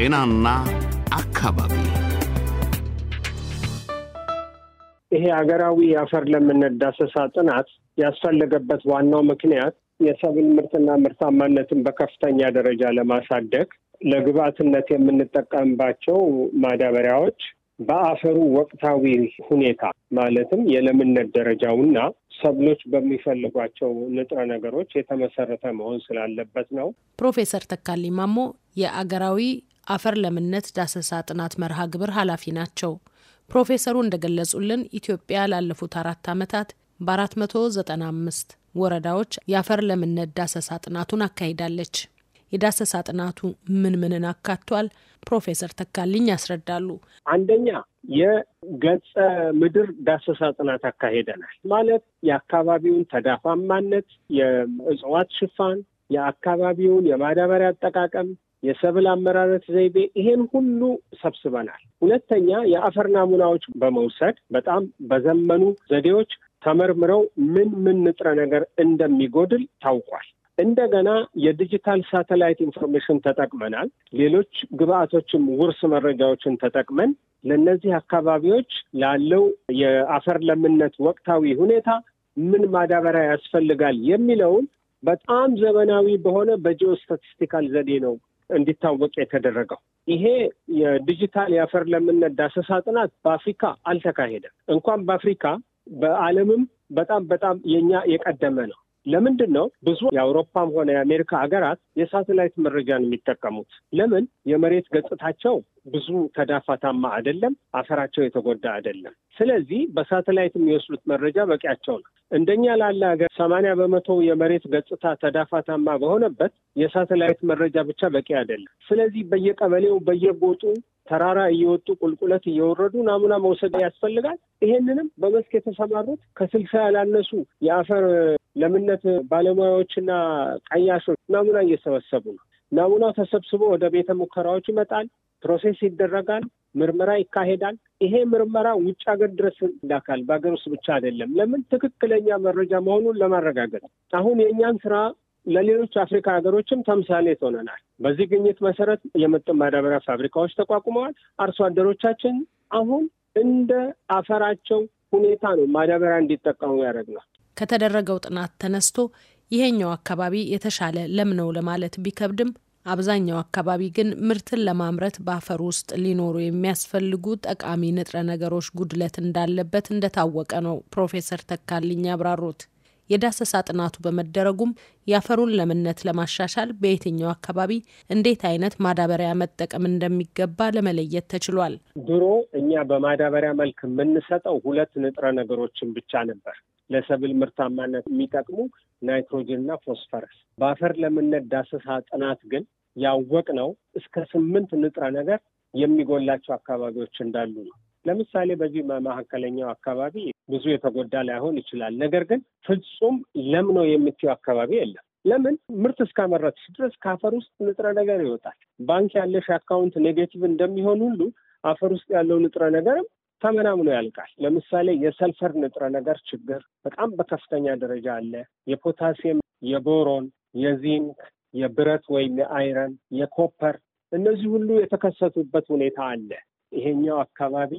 ጤናና አካባቢ ይሄ ሀገራዊ የአፈር ለምነት ዳሰሳ ጥናት ያስፈለገበት ዋናው ምክንያት የሰብል ምርትና ምርታማነትን በከፍተኛ ደረጃ ለማሳደግ ለግብዓትነት የምንጠቀምባቸው ማዳበሪያዎች በአፈሩ ወቅታዊ ሁኔታ ማለትም የለምነት ደረጃውና ሰብሎች በሚፈልጓቸው ንጥረ ነገሮች የተመሰረተ መሆን ስላለበት ነው። ፕሮፌሰር ተካሊ ማሞ የአገራዊ አፈር ለምነት ዳሰሳ ጥናት መርሃ ግብር ኃላፊ ናቸው። ፕሮፌሰሩ እንደገለጹልን ኢትዮጵያ ላለፉት አራት ዓመታት በ495 ወረዳዎች የአፈር ለምነት ዳሰሳ ጥናቱን አካሂዳለች። የዳሰሳ ጥናቱ ምን ምንን አካቷል? ፕሮፌሰር ተካልኝ ያስረዳሉ። አንደኛ የገጸ ምድር ዳሰሳ ጥናት አካሄደናል። ማለት የአካባቢውን ተዳፋማነት፣ የእጽዋት ሽፋን፣ የአካባቢውን የማዳበሪያ አጠቃቀም፣ የሰብል አመራረት ዘይቤ ይሄን ሁሉ ሰብስበናል። ሁለተኛ የአፈር ናሙናዎች በመውሰድ በጣም በዘመኑ ዘዴዎች ተመርምረው ምን ምን ንጥረ ነገር እንደሚጎድል ታውቋል። እንደገና የዲጂታል ሳተላይት ኢንፎርሜሽን ተጠቅመናል። ሌሎች ግብአቶችም ውርስ መረጃዎችን ተጠቅመን ለእነዚህ አካባቢዎች ላለው የአፈር ለምነት ወቅታዊ ሁኔታ ምን ማዳበሪያ ያስፈልጋል የሚለውን በጣም ዘመናዊ በሆነ በጂኦ ስታቲስቲካል ዘዴ ነው እንዲታወቅ የተደረገው። ይሄ የዲጂታል የአፈር ለምነት ዳሰሳ ጥናት በአፍሪካ አልተካሄደም። እንኳን በአፍሪካ በዓለምም በጣም በጣም የኛ የቀደመ ነው። ለምንድን ነው ብዙ የአውሮፓም ሆነ የአሜሪካ ሀገራት የሳተላይት መረጃን የሚጠቀሙት? ለምን የመሬት ገጽታቸው ብዙ ተዳፋታማ አይደለም፣ አፈራቸው የተጎዳ አይደለም። ስለዚህ በሳተላይት የሚወስዱት መረጃ በቂያቸው ነው። እንደኛ ላለ ሀገር ሰማንያ በመቶ የመሬት ገጽታ ተዳፋታማ በሆነበት የሳተላይት መረጃ ብቻ በቂ አይደለም። ስለዚህ በየቀበሌው በየጎጡ ተራራ እየወጡ ቁልቁለት እየወረዱ ናሙና መውሰድ ያስፈልጋል። ይሄንንም በመስክ የተሰማሩት ከስልሳ ያላነሱ የአፈር ለምነት ባለሙያዎችና ቀያሾች ናሙና እየሰበሰቡ ነው። ናሙና ተሰብስቦ ወደ ቤተ ሙከራዎች ይመጣል። ፕሮሴስ ይደረጋል። ምርመራ ይካሄዳል። ይሄ ምርመራ ውጭ ሀገር ድረስ ይላካል። በሀገር ውስጥ ብቻ አይደለም። ለምን? ትክክለኛ መረጃ መሆኑን ለማረጋገጥ አሁን የእኛን ስራ ለሌሎች አፍሪካ ሀገሮችም ተምሳሌ ትሆነናል። በዚህ ግኝት መሰረት የምጥን ማዳበሪያ ፋብሪካዎች ተቋቁመዋል። አርሶ አደሮቻችን አሁን እንደ አፈራቸው ሁኔታ ነው ማዳበሪያ እንዲጠቀሙ ያደረግነው። ከተደረገው ጥናት ተነስቶ ይሄኛው አካባቢ የተሻለ ለም ነው ለማለት ቢከብድም አብዛኛው አካባቢ ግን ምርትን ለማምረት በአፈር ውስጥ ሊኖሩ የሚያስፈልጉ ጠቃሚ ንጥረ ነገሮች ጉድለት እንዳለበት እንደታወቀ ነው ፕሮፌሰር ተካልኝ ያብራሩት። የዳሰሳ ጥናቱ በመደረጉም የአፈሩን ለምነት ለማሻሻል በየትኛው አካባቢ እንዴት አይነት ማዳበሪያ መጠቀም እንደሚገባ ለመለየት ተችሏል። ድሮ እኛ በማዳበሪያ መልክ የምንሰጠው ሁለት ንጥረ ነገሮችን ብቻ ነበር። ለሰብል ምርታማነት የሚጠቅሙ ናይትሮጅን እና ፎስፈረስ። በአፈር ለምነት ዳሰሳ ጥናት ግን ያወቅ ነው እስከ ስምንት ንጥረ ነገር የሚጎላቸው አካባቢዎች እንዳሉ ነው። ለምሳሌ በዚህ መካከለኛው አካባቢ ብዙ የተጎዳ ላይሆን ይችላል። ነገር ግን ፍጹም ለም ነው የምትይው አካባቢ የለም። ለምን? ምርት እስካመረትሽ ድረስ ከአፈር ውስጥ ንጥረ ነገር ይወጣል። ባንክ ያለሽ አካውንት ኔጌቲቭ እንደሚሆን ሁሉ አፈር ውስጥ ያለው ንጥረ ነገርም ተመናምኖ ያልቃል። ለምሳሌ የሰልፈር ንጥረ ነገር ችግር በጣም በከፍተኛ ደረጃ አለ። የፖታሲየም፣ የቦሮን፣ የዚንክ፣ የብረት ወይም የአይረን፣ የኮፐር እነዚህ ሁሉ የተከሰቱበት ሁኔታ አለ። ይሄኛው አካባቢ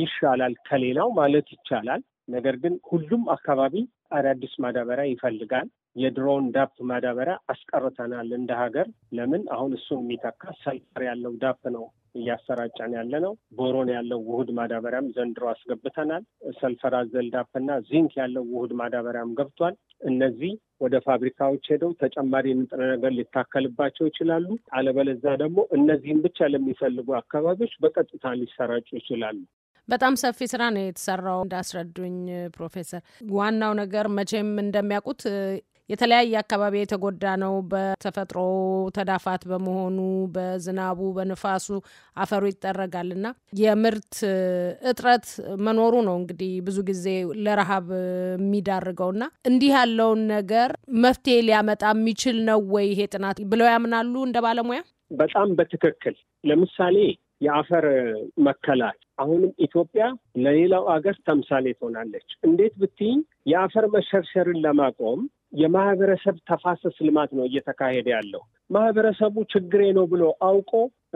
ይሻላል ከሌላው ማለት ይቻላል። ነገር ግን ሁሉም አካባቢ አዳዲስ ማዳበሪያ ይፈልጋል። የድሮን ዳፕ ማዳበሪያ አስቀርተናል እንደ ሀገር። ለምን? አሁን እሱን የሚተካ ሰልፈር ያለው ዳፕ ነው እያሰራጨን ያለ ነው። ቦሮን ያለው ውህድ ማዳበሪያም ዘንድሮ አስገብተናል። ሰልፈራ አዘል ዳፕና ዚንክ ያለው ውህድ ማዳበሪያም ገብቷል። እነዚህ ወደ ፋብሪካዎች ሄደው ተጨማሪ ንጥረ ነገር ሊታከልባቸው ይችላሉ። አለበለዛ ደግሞ እነዚህም ብቻ ለሚፈልጉ አካባቢዎች በቀጥታ ሊሰራጩ ይችላሉ። በጣም ሰፊ ስራ ነው የተሰራው እንዳስረዱኝ ፕሮፌሰር። ዋናው ነገር መቼም እንደሚያውቁት የተለያየ አካባቢ የተጎዳ ነው። በተፈጥሮ ተዳፋት በመሆኑ በዝናቡ፣ በንፋሱ አፈሩ ይጠረጋል እና የምርት እጥረት መኖሩ ነው እንግዲህ ብዙ ጊዜ ለረሃብ የሚዳርገው እና እንዲህ ያለውን ነገር መፍትሄ ሊያመጣ የሚችል ነው ወይ ይሄ ጥናት ብለው ያምናሉ እንደ ባለሙያ? በጣም በትክክል ለምሳሌ የአፈር መከላል አሁንም ኢትዮጵያ ለሌላው አገር ተምሳሌ ትሆናለች። እንዴት ብትይኝ የአፈር መሸርሸርን ለማቆም የማህበረሰብ ተፋሰስ ልማት ነው እየተካሄደ ያለው። ማህበረሰቡ ችግሬ ነው ብሎ አውቆ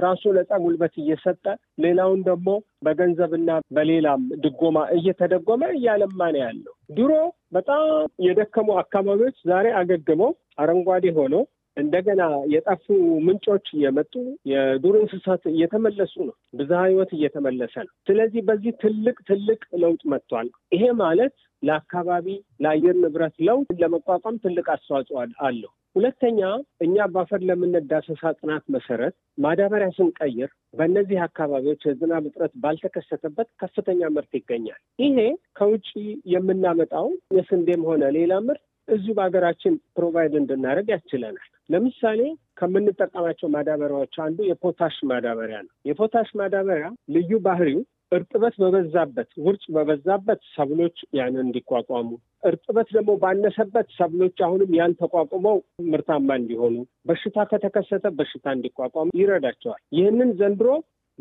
ራሱ ነጻ ጉልበት እየሰጠ ሌላውን ደግሞ በገንዘብና በሌላም ድጎማ እየተደጎመ እያለማ ነው ያለው። ድሮ በጣም የደከሙ አካባቢዎች ዛሬ አገግመው አረንጓዴ ሆነው እንደገና የጠፉ ምንጮች እየመጡ የዱር እንስሳት እየተመለሱ ነው። ብዝሃ ህይወት እየተመለሰ ነው። ስለዚህ በዚህ ትልቅ ትልቅ ለውጥ መጥቷል። ይሄ ማለት ለአካባቢ ለአየር ንብረት ለውጥ ለመቋቋም ትልቅ አስተዋጽኦ አለው። ሁለተኛ እኛ በአፈር ለምነት ዳሰሳ ጥናት መሰረት ማዳበሪያ ስንቀይር በእነዚህ አካባቢዎች የዝናብ እጥረት ባልተከሰተበት ከፍተኛ ምርት ይገኛል። ይሄ ከውጭ የምናመጣው የስንዴም ሆነ ሌላ ምርት እዚሁ በሀገራችን ፕሮቫይድ እንድናደርግ ያስችለናል። ለምሳሌ ከምንጠቀማቸው ማዳበሪያዎች አንዱ የፖታሽ ማዳበሪያ ነው። የፖታሽ ማዳበሪያ ልዩ ባህሪው እርጥበት በበዛበት ውርጭ በበዛበት ሰብሎች ያን እንዲቋቋሙ እርጥበት ደግሞ ባነሰበት ሰብሎች አሁንም ያን ተቋቁመው ምርታማ እንዲሆኑ በሽታ ከተከሰተ በሽታ እንዲቋቋሙ ይረዳቸዋል። ይህንን ዘንድሮ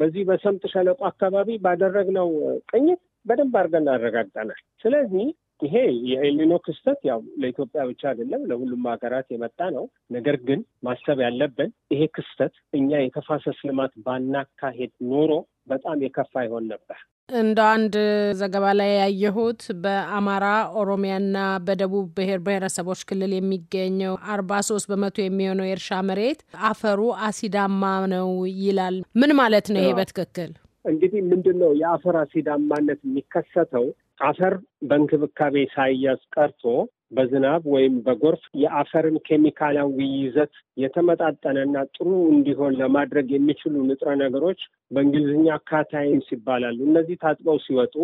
በዚህ በሰምጥ ሸለቆ አካባቢ ባደረግነው ቅኝት በደንብ አድርገን አረጋግጠናል። ስለዚህ ይሄ የኤልኒኖ ክስተት ያው ለኢትዮጵያ ብቻ አይደለም፣ ለሁሉም ሀገራት የመጣ ነው። ነገር ግን ማሰብ ያለብን ይሄ ክስተት እኛ የተፋሰስ ልማት ባናካሄድ ኖሮ በጣም የከፋ ይሆን ነበር። እንደ አንድ ዘገባ ላይ ያየሁት በአማራ ኦሮሚያና በደቡብ ብሔር ብሔረሰቦች ክልል የሚገኘው አርባ ሶስት በመቶ የሚሆነው የእርሻ መሬት አፈሩ አሲዳማ ነው ይላል። ምን ማለት ነው ይሄ በትክክል? እንግዲህ ምንድን ነው የአፈር አሲዳማነት የሚከሰተው አፈር በእንክብካቤ ሳይያዝ ቀርቶ በዝናብ ወይም በጎርፍ የአፈርን ኬሚካላዊ ይዘት የተመጣጠነና ጥሩ እንዲሆን ለማድረግ የሚችሉ ንጥረ ነገሮች በእንግሊዝኛ ካታይንስ ይባላሉ። እነዚህ ታጥበው ሲወጡ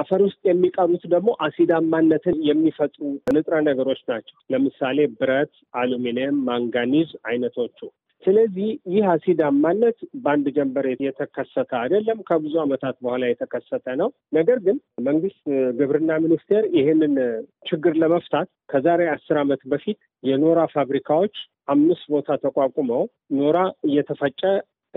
አፈር ውስጥ የሚቀሩት ደግሞ አሲዳማነትን የሚፈጥሩ ንጥረ ነገሮች ናቸው። ለምሳሌ ብረት፣ አሉሚኒየም፣ ማንጋኒዝ አይነቶቹ ስለዚህ ይህ አሲዳማነት በአንድ ጀንበር የተከሰተ አይደለም፣ ከብዙ ዓመታት በኋላ የተከሰተ ነው። ነገር ግን መንግስት ግብርና ሚኒስቴር ይህንን ችግር ለመፍታት ከዛሬ አስር ዓመት በፊት የኖራ ፋብሪካዎች አምስት ቦታ ተቋቁመው ኖራ እየተፈጨ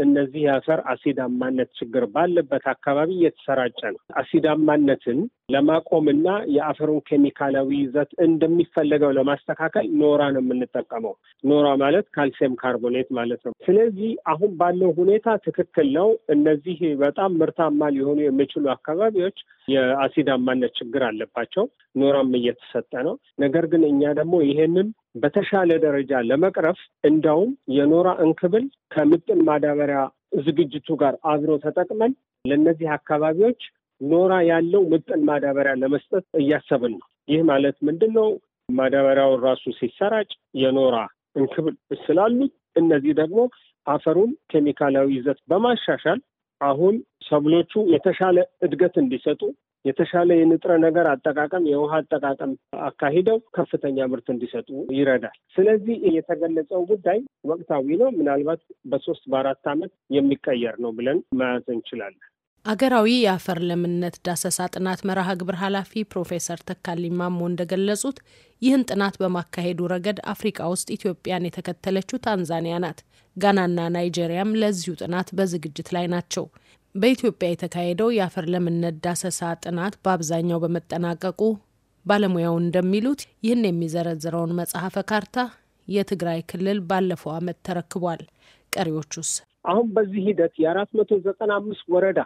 እነዚህ የአፈር አሲዳማነት ችግር ባለበት አካባቢ እየተሰራጨ ነው። አሲዳማነትን ለማቆም እና የአፈሩን ኬሚካላዊ ይዘት እንደሚፈለገው ለማስተካከል ኖራ ነው የምንጠቀመው። ኖራ ማለት ካልሲየም ካርቦኔት ማለት ነው። ስለዚህ አሁን ባለው ሁኔታ ትክክል ነው። እነዚህ በጣም ምርታማ ሊሆኑ የሚችሉ አካባቢዎች የአሲዳማነት ችግር አለባቸው። ኖራም እየተሰጠ ነው። ነገር ግን እኛ ደግሞ ይሄንን በተሻለ ደረጃ ለመቅረፍ እንደውም የኖራ እንክብል ከምጥን ማዳበሪያ ዝግጅቱ ጋር አብሮ ተጠቅመን ለእነዚህ አካባቢዎች ኖራ ያለው ምጥን ማዳበሪያ ለመስጠት እያሰብን ነው። ይህ ማለት ምንድን ነው? ማዳበሪያውን ራሱ ሲሰራጭ የኖራ እንክብል ስላሉት እነዚህ ደግሞ አፈሩን ኬሚካላዊ ይዘት በማሻሻል አሁን ሰብሎቹ የተሻለ እድገት እንዲሰጡ የተሻለ የንጥረ ነገር አጠቃቀም፣ የውሃ አጠቃቀም አካሂደው ከፍተኛ ምርት እንዲሰጡ ይረዳል። ስለዚህ የተገለጸው ጉዳይ ወቅታዊ ነው። ምናልባት በሶስት በአራት ዓመት የሚቀየር ነው ብለን መያዝ እንችላለን። አገራዊ የአፈር ለምነት ዳሰሳ ጥናት መርሃ ግብር ኃላፊ ፕሮፌሰር ተካልኝ ማሞ እንደገለጹት ይህን ጥናት በማካሄዱ ረገድ አፍሪካ ውስጥ ኢትዮጵያን የተከተለችው ታንዛኒያ ናት። ጋናና ናይጄሪያም ለዚሁ ጥናት በዝግጅት ላይ ናቸው። በኢትዮጵያ የተካሄደው የአፈር ለምነት ዳሰሳ ጥናት በአብዛኛው በመጠናቀቁ ባለሙያው እንደሚሉት ይህን የሚዘረዝረውን መጽሐፈ ካርታ የትግራይ ክልል ባለፈው ዓመት ተረክቧል። ቀሪዎቹስ አሁን በዚህ ሂደት የአራት መቶ ዘጠና አምስት ወረዳ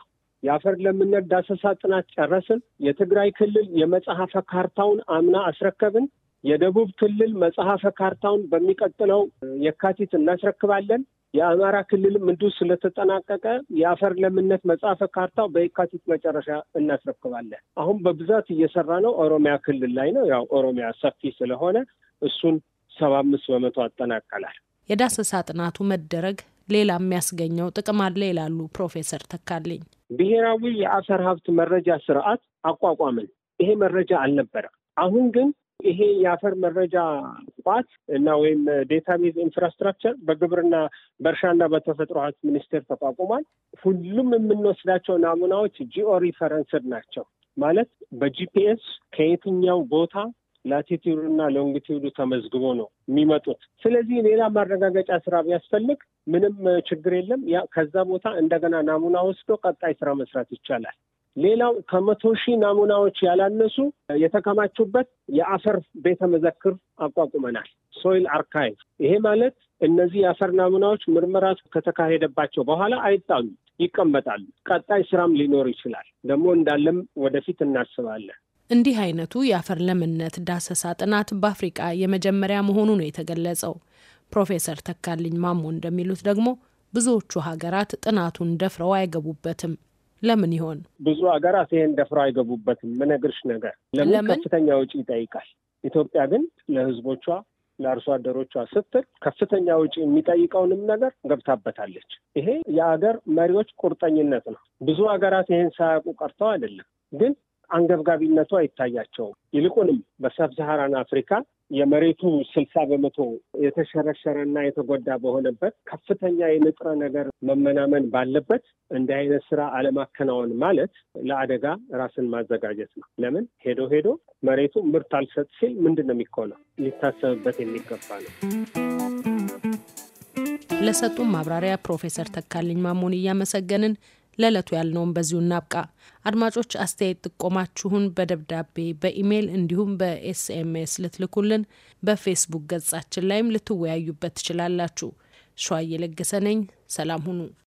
የአፈር ለምነት ዳሰሳ ጥናት ጨረስን። የትግራይ ክልል የመጽሐፈ ካርታውን አምና አስረከብን። የደቡብ ክልል መጽሐፈ ካርታውን በሚቀጥለው የካቲት እናስረክባለን። የአማራ ክልልም እንዲሁ ስለተጠናቀቀ የአፈር ለምነት መጽሐፈ ካርታው በየካቲት መጨረሻ እናስረክባለን። አሁን በብዛት እየሰራ ነው ኦሮሚያ ክልል ላይ ነው። ያው ኦሮሚያ ሰፊ ስለሆነ እሱን ሰባ አምስት በመቶ አጠናቀላል። የዳሰሳ ጥናቱ መደረግ ሌላ የሚያስገኘው ጥቅም አለ ይላሉ ፕሮፌሰር ተካልኝ። ብሔራዊ የአፈር ሀብት መረጃ ስርዓት አቋቋምን። ይሄ መረጃ አልነበረ። አሁን ግን ይሄ የአፈር መረጃ ቋት እና ወይም ዴታቤዝ ኢንፍራስትራክቸር በግብርና በእርሻና በተፈጥሮ ሀብት ሚኒስቴር ተቋቁሟል። ሁሉም የምንወስዳቸው ናሙናዎች ጂኦ ሪፈረንስድ ናቸው ማለት በጂፒኤስ ከየትኛው ቦታ ላቲቲዩዱ እና ሎንግቲዩዱ ተመዝግቦ ነው የሚመጡት። ስለዚህ ሌላ ማረጋገጫ ስራ ቢያስፈልግ ምንም ችግር የለም። ከዛ ቦታ እንደገና ናሙና ወስዶ ቀጣይ ስራ መስራት ይቻላል። ሌላው ከመቶ ሺህ ናሙናዎች ያላነሱ የተከማቹበት የአፈር ቤተ መዘክር አቋቁመናል። ሶይል አርካይቭ። ይሄ ማለት እነዚህ የአፈር ናሙናዎች ምርመራ ከተካሄደባቸው በኋላ አይጣሉ ይቀመጣሉ። ቀጣይ ስራም ሊኖር ይችላል። ደግሞ እንዳለም ወደፊት እናስባለን። እንዲህ አይነቱ የአፈር ለምነት ዳሰሳ ጥናት በአፍሪቃ የመጀመሪያ መሆኑ ነው የተገለጸው። ፕሮፌሰር ተካልኝ ማሞ እንደሚሉት ደግሞ ብዙዎቹ ሀገራት ጥናቱን ደፍረው አይገቡበትም። ለምን ይሆን? ብዙ ሀገራት ይሄን ደፍረው አይገቡበትም። ምነግርሽ ነገር ለምን ከፍተኛ ውጪ ይጠይቃል። ኢትዮጵያ ግን ለህዝቦቿ ለአርሶ አደሮቿ ስትል ከፍተኛ ውጪ የሚጠይቀውንም ነገር ገብታበታለች። ይሄ የአገር መሪዎች ቁርጠኝነት ነው። ብዙ ሀገራት ይሄን ሳያውቁ ቀርተው አይደለም ግን አንገብጋቢነቱ አይታያቸውም። ይልቁንም በሰብሳሃራን አፍሪካ የመሬቱ ስልሳ በመቶ የተሸረሸረና የተጎዳ በሆነበት ከፍተኛ የንጥረ ነገር መመናመን ባለበት እንዲህ አይነት ስራ አለማከናወን ማለት ለአደጋ ራስን ማዘጋጀት ነው። ለምን ሄዶ ሄዶ መሬቱ ምርት አልሰጥ ሲል ምንድን ነው የሚኮነው? ሊታሰብበት የሚገባ ነው። ለሰጡን ማብራሪያ ፕሮፌሰር ተካልኝ ማሞን እያመሰገንን ለዕለቱ ያልነውም በዚሁ እናብቃ። አድማጮች አስተያየት ጥቆማችሁን በደብዳቤ በኢሜይል እንዲሁም በኤስኤምኤስ ልትልኩልን፣ በፌስቡክ ገጻችን ላይም ልትወያዩበት ትችላላችሁ። ሸዋ እየለገሰ ነኝ። ሰላም ሁኑ።